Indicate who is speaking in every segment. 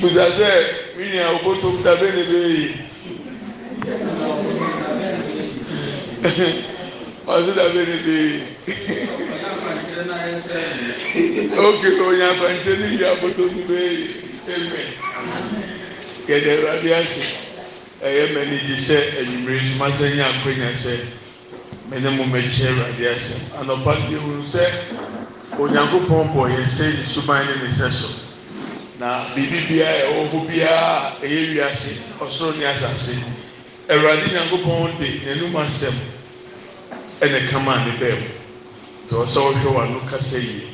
Speaker 1: buza sɛ mini a obotom da bɛ ne yi yi oke onye afankyɛ ne yi yi eme gɛdɛ ɛwurade ase ɛyɛ mɛ yi ma sɛ nye akonya sɛ mɛ ne mo mɛ kyerɛ ɛwurade ase anɔpa deɛ wuru sɛ onyankopɔn bɔ na biribi biara ɛwɔ hɔ biara ɛyɛ wiase ɔsoro ne asase awurade nyankopɔn de n'anum asɛm ɛna kama ne bɛɛ mu nti ɔsɛ ɔhwɛ wɔn ano kasa yie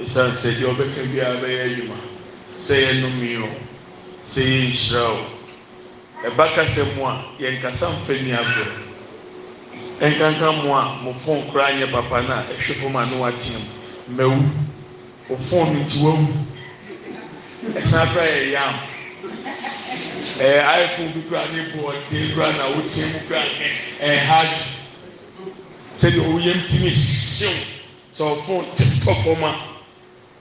Speaker 1: esan sɛ deɛ ɔbɛka biara bɛyɛ adwuma sɛ yɛ nnome o sɛ yɛ nhyira o ɛba kasa mu a yɛn kasa mfa ni agorɔ ɛnkanka mu a mo fon koraa nyɛ papa na ɛhwɛ fam a no wateɛ mu fon no ti wawu ɛsan kora yɛ yam ɛɛ iphone bi kora ne bɔɔden kora na wotie mu kora ne ɛha sɛdeɛ ɔyɛ ntumi hyew sɛ ɔfon tetɔ fam a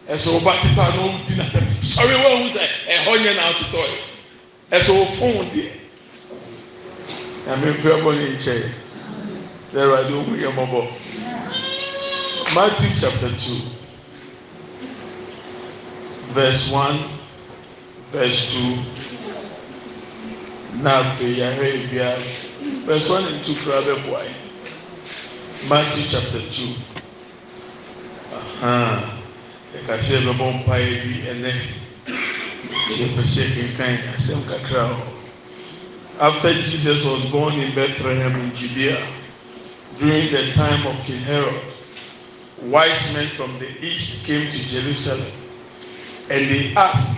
Speaker 1: ɛsɛ ɔba tetɔ a na ɔdi na sɔre wɔn ho sɛ ɛhɔ nyɛ na atetɔ yɛ ɛsɛ ɔfon deɛ nyame mfra bɔ ne nkyɛn lɛrɛ adi ohun yɛ mɔbɔ matthew chapter two. ar uh-huh. after jesus was born in bethlehem in judea during the time of king herod wise men from the east came to jerusalem and they ask,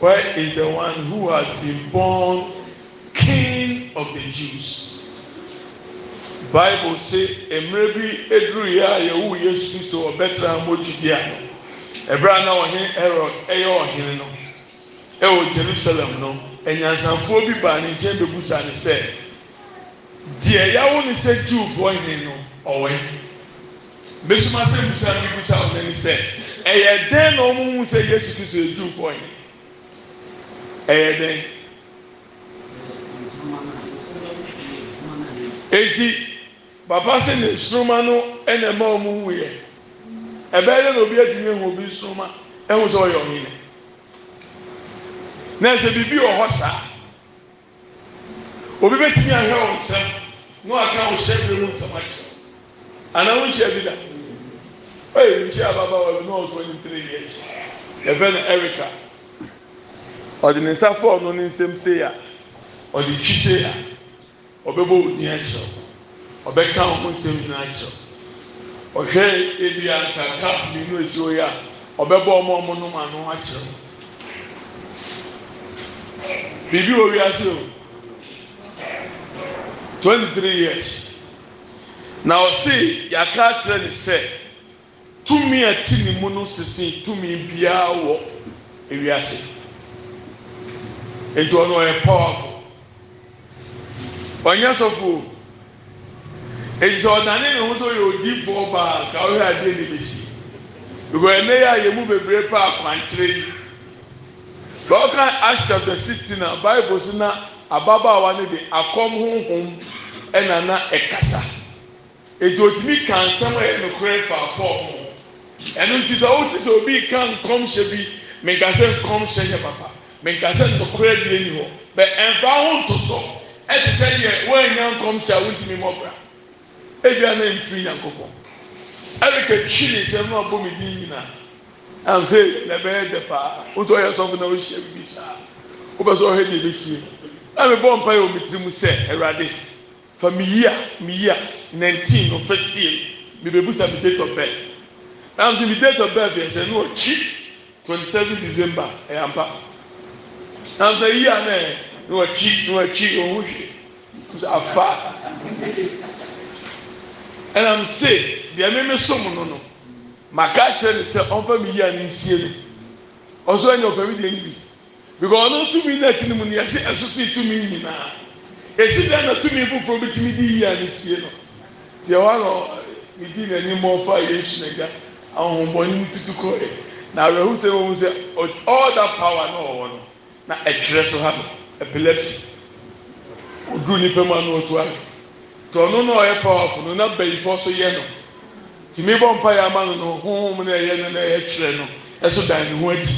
Speaker 1: Where is the one who has been born king of the Jews? Bible say, "Emrebi Edruya Yahu ya yewu Yesu Kristo ọbẹtara mojidi a. Ebere na ọhene Herod ẹyẹ ọhene no Jerusalem no ẹnyansanfoɔ bi baa ne nkyɛn bebusa ne sɛ deɛ yawo ne sɛ Jewfoɔ hene no ɔwɛ. Mbesoma sɛ busa ne busa ɛyɛ dɛn na wɔn mu sɛ yesu kristo edu fɔ yi ɛyɛ dɛn eti papa sɛ ne suruma no ɛna ɛma wɔn mu yɛ ɛbɛyɛ dɛ na obi atumi ehu obi suruma ɛhu sɛ ɔyɛ ɔhene na ɛsɛ biribi wɔ hɔ saa obi bɛtumi ahwɛ wɔn nsɛm na waka wɔn hyɛ bi mu nsɛm akyerɛ anaa wɔn bi da. Hey, Michelle, Baba, we know 23 years Even Erica, or the ne nsa fɔ ɔno ne or the ya or twi se or beka odin akyerɛw ɔbɛka ɔmo nsam nyinaa akyerɛw ɔhwɛ ebia nkanka mmienu esi hɔ ya ɔbɛbɔ ɔmo ɔmo nom ano akyerɛw biribi wɔ wiase o twenty three years na ɔsi yaka akyerɛ ne sɛ tumi a ti ne mu no sisi tumi biara wɔ ewiase nti ɔno ɔyɛ powerful ɔnyɛ sɔfo nti ɔdane ne ho so yɛ odiifoɔ baa ka ɔhwɛ adeɛ ne besi because ɛnɛ yɛ a yɛ mu bebree pa akwankyerɛ yi lɔɔka Acts chapter sixteen na Bible si na ababaawa ne de akɔm honhom ɛna na ɛkasa nti otumi ka nsɛm a ɛyɛ nokorɛ fa pɔl ɛnu nti sɛ ɔwɔ ti sɛ obi ka nkɔmhyɛ bi mɛnkasɛ nkɔmhyɛ yɛ papa mɛnkasɛ ntɔkora die ni hɔ bɛ ɛnfa ho nto so ɛte sɛ deɛ wɔanya nkɔmhyɛ a wɔntumi mɔbra ebia na nfiri nyankopɔ ɛrika e twi ne nsɛm na ɔbɔ mi din nyinaa anfe na ɛbɛyɛ dɛ paa wotɔ ɔyɛ sɔfo na ɔhyɛ bi saa wopɛ sɛ ɔhɛ deɛ ebesie ɛmi bɔ mpa yɛ omi tirim sɛ ɛwurade fa mi yia mi yia nineteen ɔfɛ sie mi bɛ busa mi date of na the date of birth yɛ sɛ no ɔkyi twenty seven december ɛyɛ ampa na nso yi a nɛ no ɔkyi no ɔkyi ɔho hwɛ nso afa ɛnam se deɛ mímí som no no maka kyerɛ ne sɛ ɔmfa mi yi a ne nsie no ɔso ɛnyɛ ɔpɛ mi deɛ nyi bi because ɔno tumi na akyi no mu ne yɛsi ɛso si tumi nyinaa esi dan na tumi foforɔ bi tumi di yi a ne sie no deɛ wa no mi di n'anim ɔfa yesu n'agya ahohombɔne mu tutu kɔɛ na awerɛho sɛ wɔn sɛ all that power na ɔwɔ no na ɛkyerɛ so ha no epilepsy oduru nipa mu ano otu ayɛ tɛ ɔno na ɔyɛ powerful no na bɛyifo so yɛ no tìmí bɔ mpa yɛ ama no no honhom na ɛyɛ no na ɛyɛ kyerɛ no ɛso dan ne ho akyi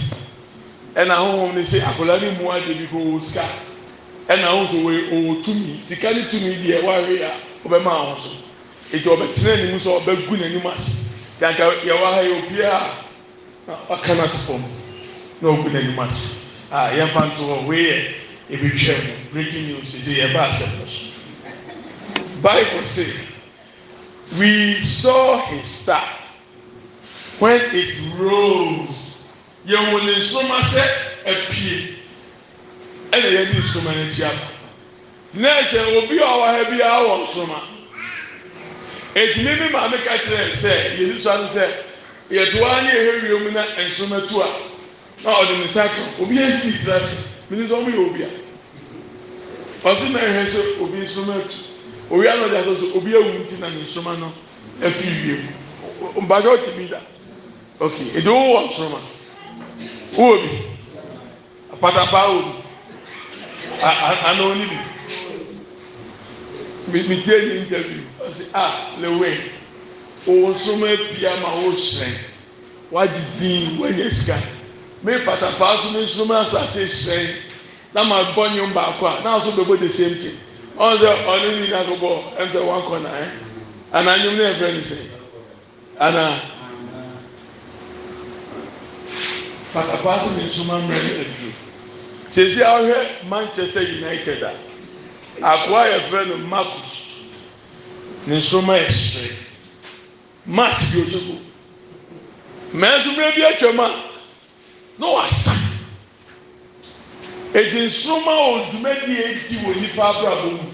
Speaker 1: ɛna honhom ne sɛ akwadaa ne mu adi bi ko ɔwɔ sika ɛna ɔwɔ sɛ ɔwɔ tumi sika ne tumi deɛ wɔawe a ɔbɛma ahosuo eti ɔbɛtena ne mu sɛ ɔbɛgu n'anim ase. anka yɛwɔ ha yɛ obiaa n ɔka noto fam ne ɔgu nenim asye yɛpa ntohɔ wei yɛ ybitwɛ ho breaking news ɛtɛ yɛbaasɛp no so bible se we saw he star wen it rose yɛhune nsoma sɛ apue ɛnɛ yɛane nsoma no kyi aka inaɛhyɛ obi ɔwɔ ha biaawɔ nsoma edwuma bi maame ka kyerɛ sɛ yɛni so ano sɛ yɛto ara ne yɛhwɛ na nsoma tu a na ɔde ne nsa ka obi esi tira se mene sɛ ɔmo yɛ obi a ɔsi na ɛhwɛ sɛ obi nsoma tu owia na ɔde asɔ so obi ewu ti na ne nsoma no efi wiem mbaga ɔte bi da ok edi wo wɔ nsoma wo bi apatapa wo a anoni bi mi tie ni interview ɔsi ah, lewe òun so ma pia ma o srɛn wagye din wanya sika mi patapa so mi so ma asate srɛn na ma bɔ nyom baako a na so bɛbɔ the same thing ɔn sɛ ɔne ni na ko bɔ ɛn sɛ wɔn akɔ na ɛ ana anyom ne ɛfrɛ ne sɛ ana patapa so mi so ma mmerɛ ne ɛduro sɛsi a ɔhwɛ Manchester United a akoa yɛfrɛ no marcus ne nsoma ɛsere mat bi otogo mɛnso mmerɛ bi atwam a na wasa edi nsoma wɔ dwumadie edi wɔ nipa abrabɔ mu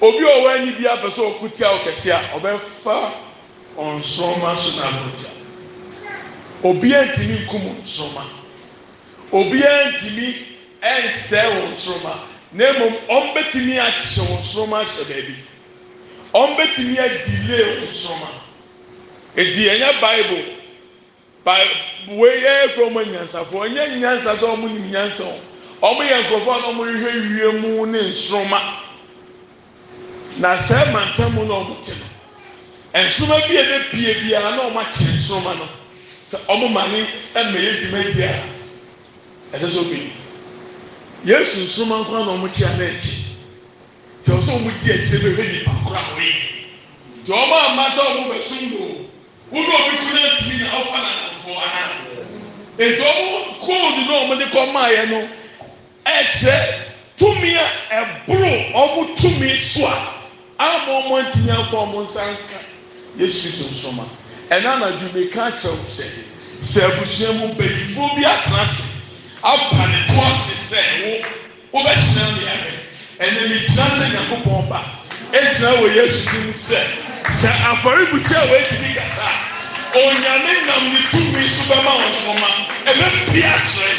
Speaker 1: obi a ɔwɔ anyi bi apɛ sɛ ɔko tia ɔkɛse a ɔbɛfa ɔnsoma so na ako obi obiara e ntumi nkum nsoma obiara e ntumi ɛnsɛɛ e wɔn nsoma na mmom ɔmbɛtumi akyew nsoroma ahyɛ baabi ɔmbɛtumi adile nsoroma edi ɛnyɛ bible bible wei yɛ efra ɔmo nyansafo ɛnyɛ nyansa sɛ ɔmo nim nyansa o ɔmo yɛ nkorɔfo a ɔmo rehwɛ wie mu ne nsoroma na sɛ mantam na ɔmo te no nsoroma bi a ɛbɛ pie biara na ɔmo akye nsoroma no sɛ ɔmo ma ne ɛmɛ yɛ dwuma yi a ɛsɛ sɛ ɔmo yi yesu nsoma nkwa na wɔn kyia n'akyi kyɛ wɔn sɛ wɔn di akyire bɛ hwɛ nipa kora wɔn yi kyɛ wɔn ama sɛ wɔn bɛ sum do wɔn na obi kuna tumi na ɔfa na nafo ana nti wɔn koodu na wɔn de kɔ maa yɛ no ɛkyerɛ tumi a ɛboro wɔn tumi so a ama wɔn ntumi akɔ wɔn nsa nka yesu kristo nsoma ɛna anadwo mi ka kyerɛw sɛ sɛ abusua mu bɛyifoɔ bi atena se apa ne to ase sɛ wo wobɛhyina meayɛ ɛnɛ megyina sɛ nyankopɔn ba ɛgyina wɔ yesu di mu sɛ sɛ afɔrebukyi a wɔatumi kasa onyame nam ne tumi so bɛma wɔn soma ɛbɛpi aserɛ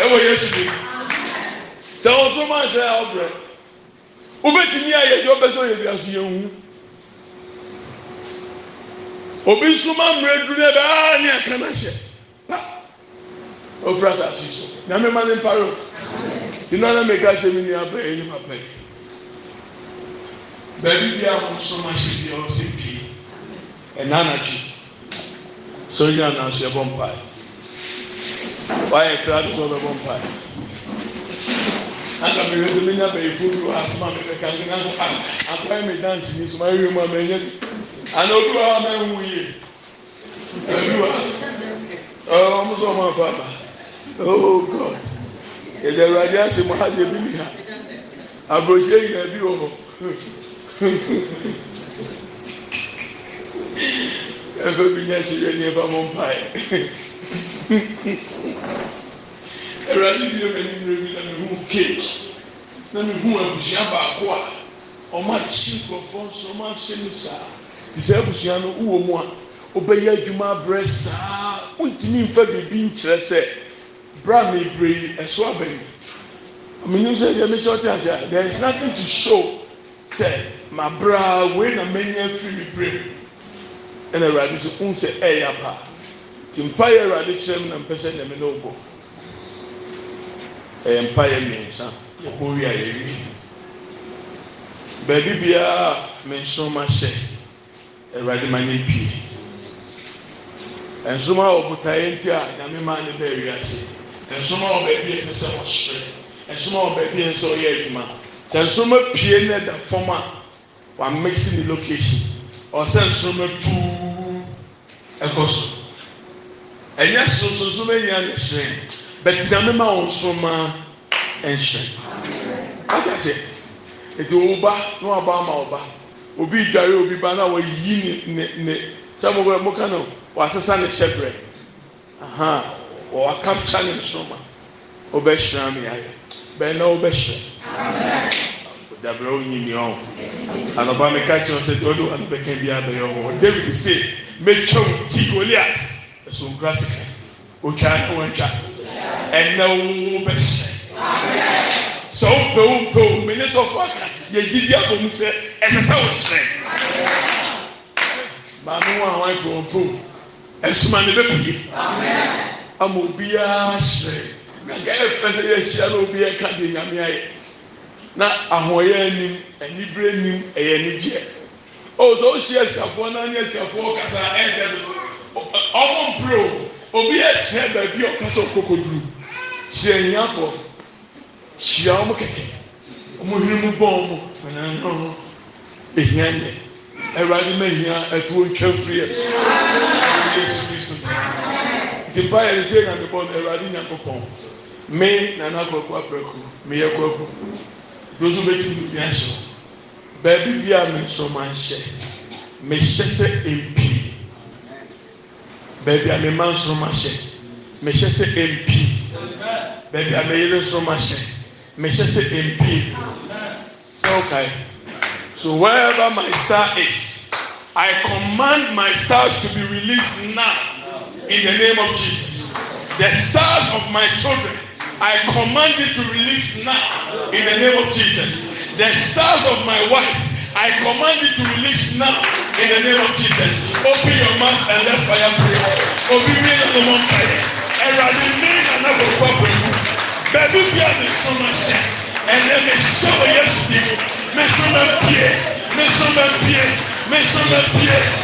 Speaker 1: ɛwɔ yesu di mu sɛ wɔn so ma nhyɛ a ɔbrɛ wobɛtumi ayɛ deɛ ɔbɛ sɛ ɔyɛ bi aso yɛn hu obi nso ma mmerɛ duru ɛbɛ a ne aka na hyɛ ofura asase so nyame ma ne mparo ti nana meka hyɛ mi nua pɛ ɛyɛ nipa pɛ baabi bi a wɔn so ma hyɛ bi e a ɔsɛ pie ɛna anakyi sɔnyɛ anaso ɛbɔ mpae wayɛ kura do sɛ ɔbɛbɔ mpae aka mi yɛ mi nya bɛyifo bi wa asoma mi bɛ ka mi na a akɔyɛ mi dansi mi so ma yɛ mu a mɛ nyɛ bi ana obi wa mɛ nwu yie ɛbi wa ɔmo e, sɔ ɔmo afa ba. Oh, o god yɛda awurade ase mo hadeɛ bi niha abrogya yina bi wɔ hɔ ɛmfa binya hyedia niɛmpa mɔ mpae awurade biomani mmerɛ bi na mehuo kag ne mehu abusua baako a ɔmakyi krɔfɔ nso ɔmasɛ nu saa nti sɛa abusua no wowo mu a wobɛyɛ adwuma berɛ saa wontimi mfa biribi nkyerɛ sɛ bra mi bree ɛso abɛn ɔmenim sɛ yɛ mehyɛ ɔte ase a there is nothing to show sɛ ma bra wei na menya firi mi bree ɛna awurade sɛ n sɛ ɛyɛ apa ti mpa yɛ awurade kyerɛ mu na mpɛ sɛ nyame na ɔbɔ ɛyɛ mpa yɛ mmiɛnsa ɔbɔ wi a yɛwi baabi biara me nsoroma hyɛ awurade ma nyɛ pie nsoroma wɔ botaeɛ nti a nyame maa ne bɛɛ wi ase nsoma wɔ baabi a ɛsɛ sɛ wɔhyerɛ nsoma wɔ baabi a ɛsɛ sɛ ɔyɛ adwuma sɛ nsoma pie na ɛda fam a wamesi ne location ɔsɛ nsoma
Speaker 2: tuu
Speaker 1: ɛkɔ so ɛnyɛ soso nsoma nyinaa na ɛhyerɛ bɛti na mema wɔn nsoma ɛnhyerɛ ɔkya sɛ eti ɔba na ɔba ama ɔba obi dware obi ba na wɔyi ne ne ne sɛ mo ka no wɔasesa ne hyɛ brɛ wakam kane nsoma wobɛhyeramyayɛ bɛnɛ wobɛhyerɛodabrɛo nyin ɔ anɔba meka kyeo sɛ dɔɔde anobɛkan biaabɛyɔw david se mɛtwɛwo tigoliat ɛsɛnkra seka twa newtwa ɛnɛ wowo bɛerɛ sɛwo pɛɛ mene sɛ koaka yɛidiabm sɛ ɛsɛ sɛ wo serɛ ma noo awɔɛ nsoma ne bɛue ama obiara hyerɛ nyame ɛfɛ sɛ yɛahyia na obiara ka deɛ nyame ayɛ na ahoɔyɛ anim anibere anim ɛyɛ anigyeɛ o oh, sɛ wohyia asiafoɔ na ne asiafoɔ kasa ɛdɛ ɔmo mpere o obi akyerɛ baabi a ɔka sɛ ɔkɔkɔ hyia ahiafoɔ hyia ɔmo kɛkɛ ɔmo hwene mu bɔn ɔmo fɛnɛnɛ ɔmo ehia nyɛ ɛwurade ma ehia ɛtoɔ ntwa mfiri yɛ ɔmo yɛ esu kristo tipa yɛ nse nyankopɔ no awurade nyankopɔn me nana akɔkɔ apɛko meyɛ kɔkɔ dodo bɛti mi bi ahyɛ baabi bi a me nso ma nhyɛ mehyɛ sɛ mp baabi a me ma nso ma hyɛ mehyɛ sɛ mp baabi a me yere nso ma hyɛ mehyɛ sɛ mp sɛ ɔkae so wherever my star is i command my stars to be released now in the name of Jesus. The stars of my children, I command you to release now in the name of Jesus. The stars of my wife, I command you to release now in the name of Jesus. Open your mouth and let fire pray. Obìnrin náà ló mọ fire. Ẹ̀rọ̀dì ní ànágbèkọ́ pẹ̀lú. Bẹ̀bí bí a lè sọ ma ṣe. Ẹ̀lẹ́ mi ṣe òye sí i. Mi sọ ma bíe. Mi sọ ma bíe. Mi sọ ma bíe.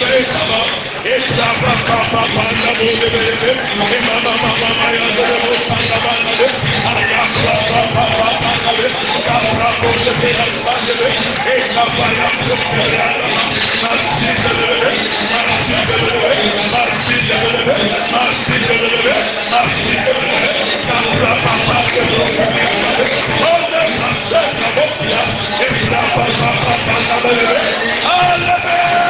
Speaker 2: Aleyhisselam etrafa kapa parla buldu benim imama mamama yadırım uçanda banladım ayaklara kapa banladım kavra buldu beyaz sandım ey kafa yaptım beyaz Narsiz de böyle narsiz de böyle narsiz de böyle narsiz de böyle narsiz de böyle kavra kapa Orada kapsa kabukla etrafa kapa parla böyle Alebe!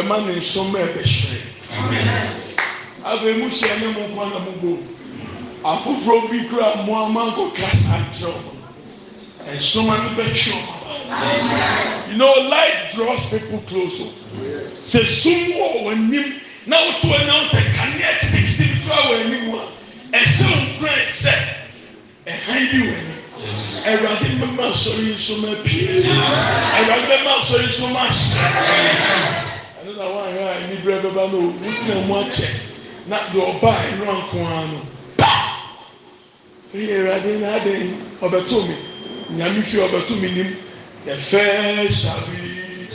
Speaker 1: bɛma ne nsɔmba ɛbɛhyerɛ afei mu hyɛ ne mu nkwa na mu bɔ afoforɔ bi kura mu ama nkɔ kasa akyerɛ wɔn nsɔmba no
Speaker 2: bɛtwerɛ
Speaker 1: you know life draws people close o sɛ sum wɔ wɔn anim na wotu wɔn nan sɛ kanea kitikiti bi kura wɔn anim a ɛhyɛ wɔn kura sɛ ɛhan bi wɔn anim ɛwurade mɛma asɔre nsɔmba pii ɛwurade mɛma asɔre nsɔmba ahyɛ berɛ bɛba no wotina mu akyɛ na deɛ ɔbaa nnora nko ara no pa ɛyɛ awurade na adan ɔbɛto me nyame hwie ɔbɛto me nim the first shall be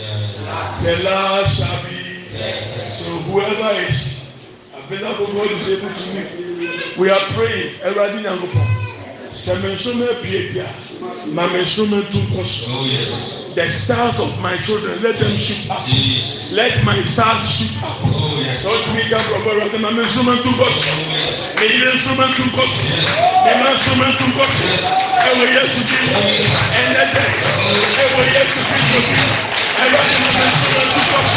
Speaker 1: the last shall
Speaker 2: be
Speaker 1: so whoever is available God is able to meet we are praying awurade nyankopɔn sɛ me nso ma abie bia ma me oh, The stars of my children let them shoot up. Let my stars shoot up. Oh, yes. Lord, me God, Robert, Robert, my instrument to God. May your instrument to God. May my instrument to God. I will yes to Jesus. Oh, And let them. I oh, will yes to Jesus. I will my instrument to God.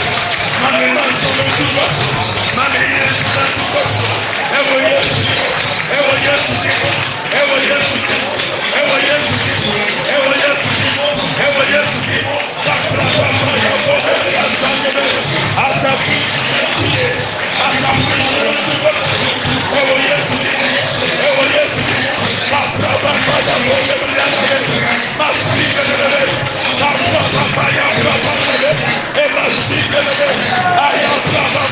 Speaker 1: My instrument to God. My instrument to God. I will yes to Jesus.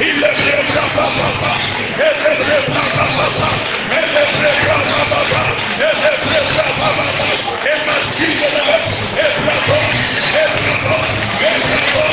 Speaker 1: ileeraaa errraaa a e masiedeo e platon e platon e a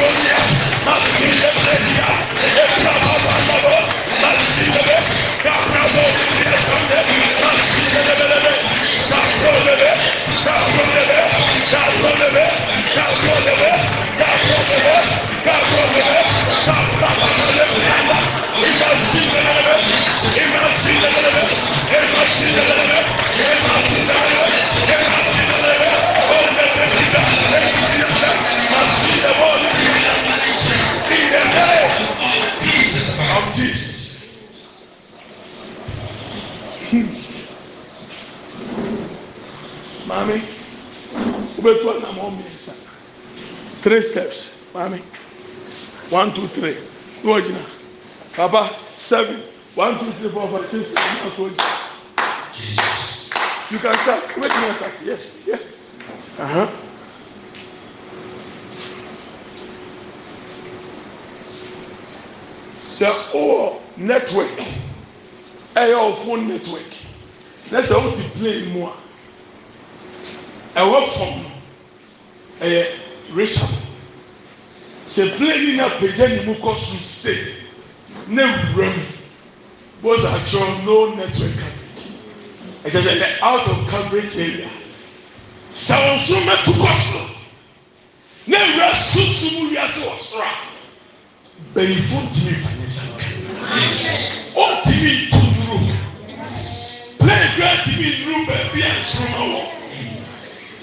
Speaker 2: Bismillah, Bismillah.
Speaker 1: three steps mommy. one two three seven one two three four five six seven you can start wait start yes yeah. uh -huh. sɛ oh, network oh, phone network Let's sɛ richa sɛ planino apagya ne mu kɔ soro se ne wera mu bosato low networka ɛtɛɛnɛ out of caberage area sɛwosoro mɛto kɔ soro ne wera suso mu wiase wɔsera bayimfotimi fane sanka otimi toduru plan gia timi duru bɛbiɛ nsroma wɔ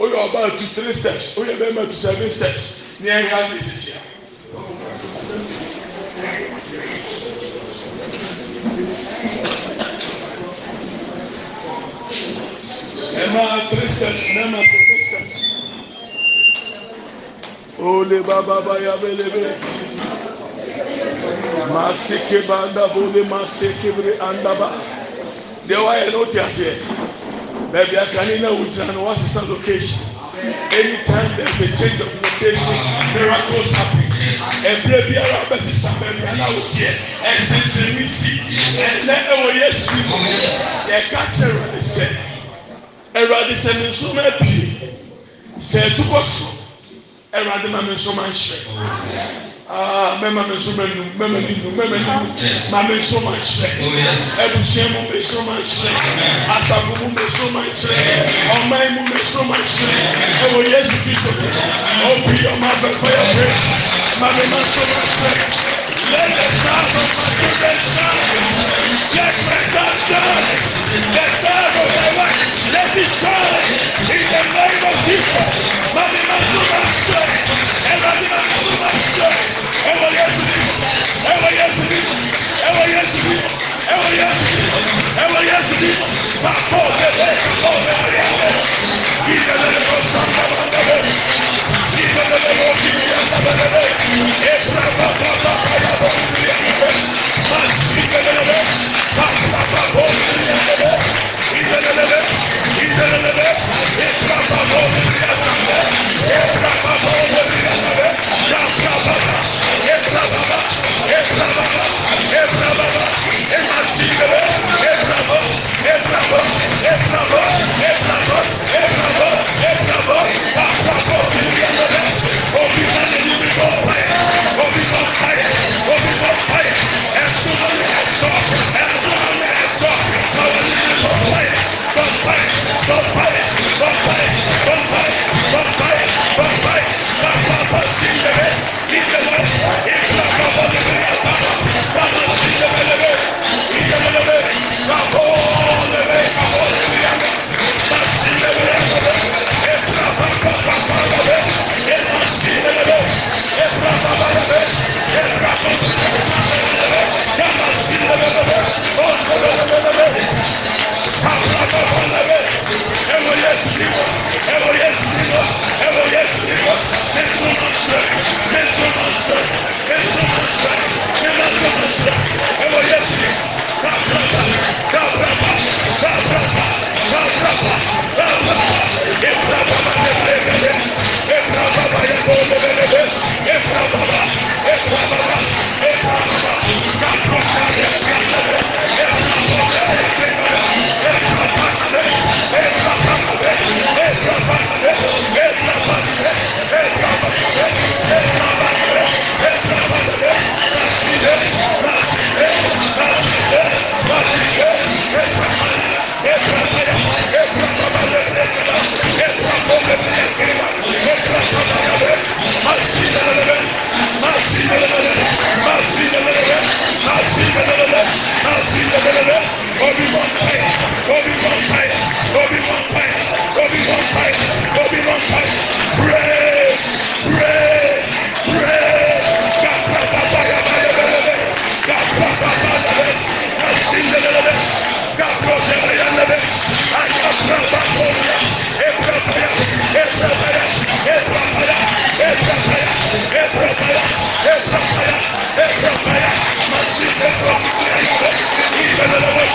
Speaker 1: oyobat e oeemt se e ayaeses emaa se eetoe olebababayabelebe masekebedaa ole maseke be andaba dwayeneotas baabi akane na wogyina no wasesa location anytime there's a change of location miracles happen ɛbrɛ biara wobɛsesa baabi ana woteɛ ɛsɛnkyerɛne si ɛnɛ ɛwɔ yesu bi mu yɛka kyerɛ awurade sɛ awurade sɛ me nso ma apue sɛ ɛtokɔ so awurade ma me nso ma nhyerɛ mɛmamesomɛnuɛ in mameso masɛ ɛɖusuɛ mu meso masɛ asafʋ mu mesomasɛ ɔmai mu meso masɛ ɛwo yesu kristo k ok yɔmaɛfɛyɔbe mamemaso masɛ ep t mdm
Speaker 2: Thank you.
Speaker 1: Holy Ghost fire. Holy Ghost fire.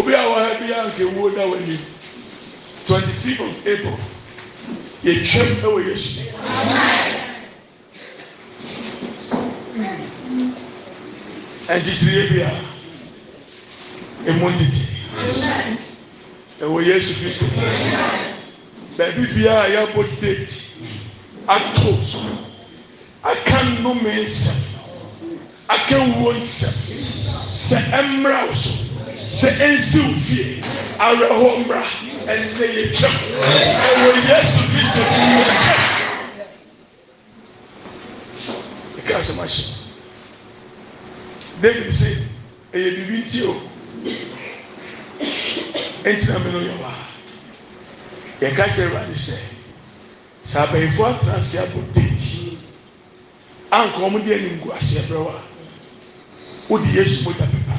Speaker 1: obi a wɔha biaa nkɛwuo da wɔani 20 fp of aple yɛtwerɛm wɔ yesu i ntitiriyɛ bia montiti wɔ yesu kristo babibia a yɛabɔ deti atoso aka nnomensɛ aka wo sɛ sɛ mmra wo so sɛ ɛnsi wo fie awerɛhoɔ mmra ɛnɛ yɛ kyɛm ɛwɔ yesu kristo mu yɛ ɛka asɛm ahyɛ david sɛ ɛyɛ biribi nti o ɛntina me no yɛ hɔ a yɛka kyerɛ awurade sɛ sɛ abayifo atena abɔ deti anka wɔn de anim gu aseɛ brɛ wo a wodi yesu mogya pepa.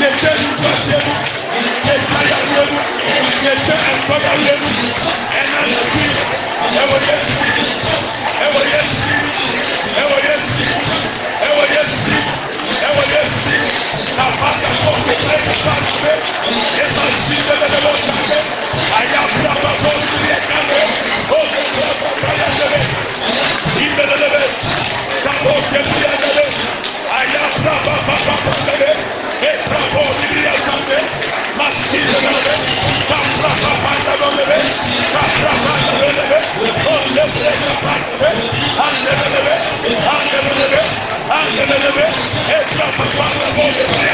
Speaker 1: nɛtɛ nudasiemu netayalelu netɛ ɛmpakayemu ɛnati ɛwɔyesti ɛwɔyesi ɛwɔyesi ɛwɔyesi ɛwɔyesti tapata koku preetae esasimɛnɛlɛlosie aya prapa sɔu yɛkane okuaa yanale imɛnɛnebɛ kahosɛmu yanale aya prapapapaoee eta podibiasante masidnabe kamsaapatadomebe kaaaaenabe ɔeɛapaabe aɛe aɛne aemenbe etamaaabodesɛe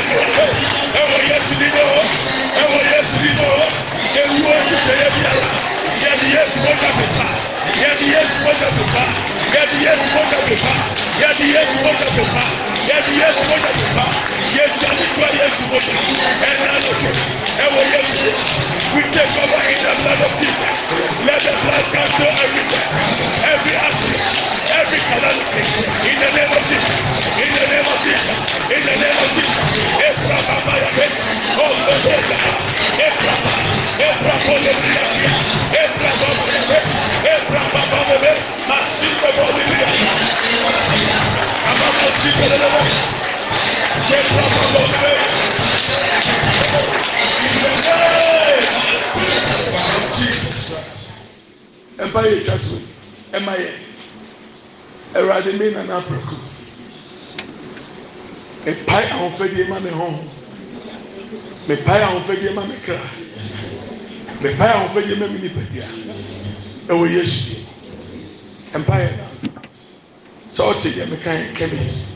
Speaker 1: ɛɔyesvideo ɛɔys video ewuosisɛyɛbiala yɛtyes ocafɩpa yɛtyesocatpa yɛtyes okapepa yɛyesocapa yysocasfa destroy Yesu mojo ẹ̀dá lójú ẹ̀wọ̀ Yesu we take over in the blood of Jesus let the blood cancel everything, every accident every calamity in the name of Jesus in the name of Jesus in the name of Jesus ebra baba ya bẹ ọlọ bẹta ebra ebra bọlẹ bẹta ebra bọlẹ bẹta ebra baba bẹta ma si bẹ bọlẹ bẹta. Ama ma si bẹ bẹta ɛba yɛ twa to ɛma yɛ ɛwurade mi nana aprako mepae ahofadie ma me ho mepae ahofadie ma me kra mepae ahofadie ma me nipadua ɛwɔ yesu die ɛmpaeɛ na sɛ ɔte deɛ meka yɛ kɛmi.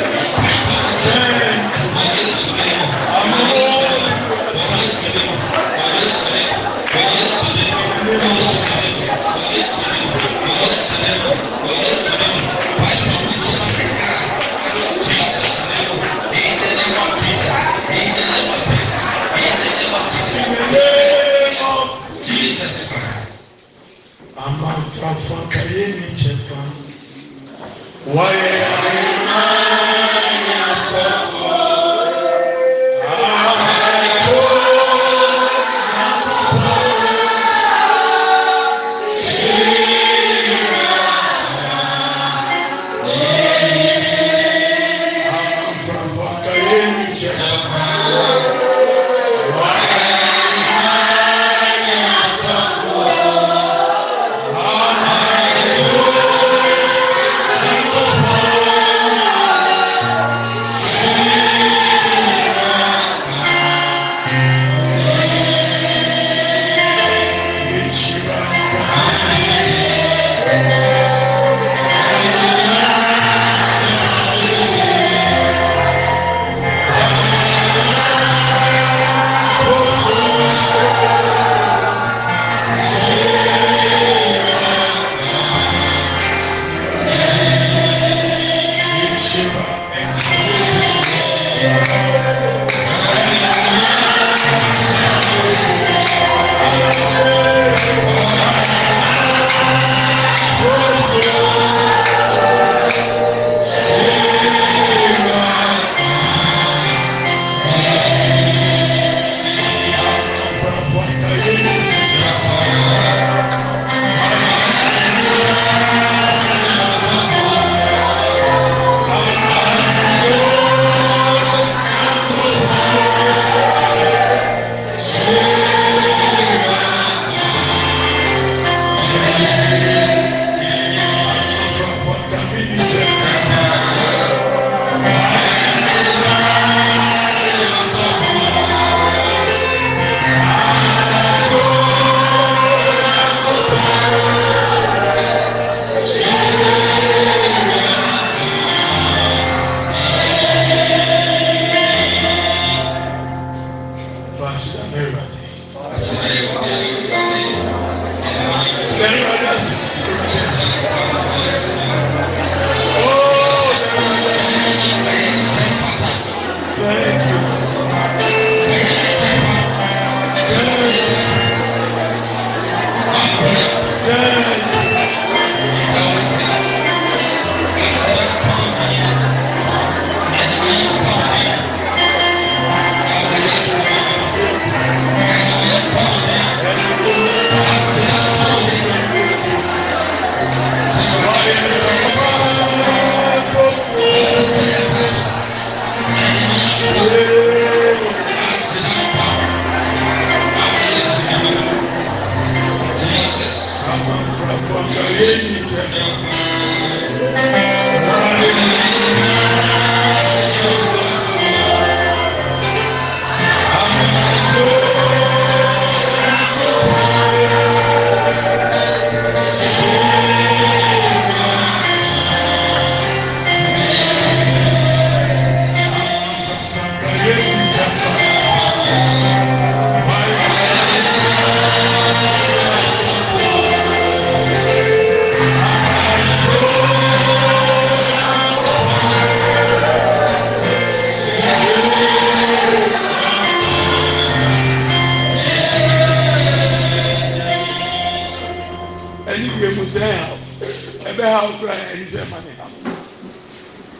Speaker 2: شم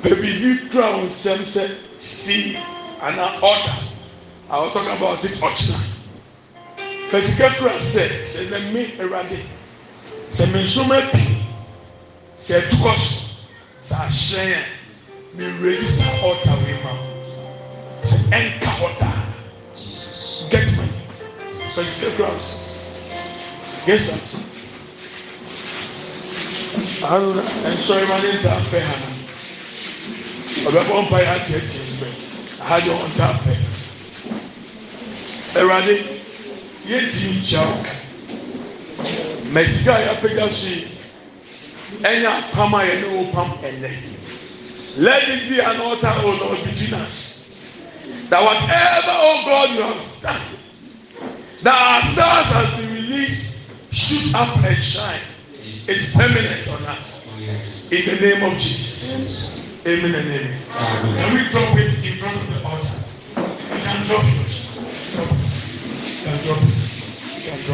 Speaker 1: pɛbidi kurawo sɛm sɛ see ana ɔlte a wɔtɔlk about dit ɔkena fa sika kora sɛ sɛ nɛ me werade sɛ mensoma apii sɛ atukɔ s sɛ ahyerɛɛ me registe alter memmawo sɛ ɛnka hɔ daa get mone fa sika kora sɛ gesa ɛnsɔremanedaa pɛ hana ɔbɛbɔ mpae akyerɛkyerɛ bɛt aha deɛ ɔnta pɛ awurade yɛnti nkyia wo ma sika a yɛapagya so yi ɛnyɛ apam a yɛne wo pam ɛnɛ let it be an altar o the between that whatever oh god you have started that our stars has been released shoot up and shine it's permanent on us oh, in the name of jesus. amin and am
Speaker 2: and we drop it in front of the outa e can drop can drop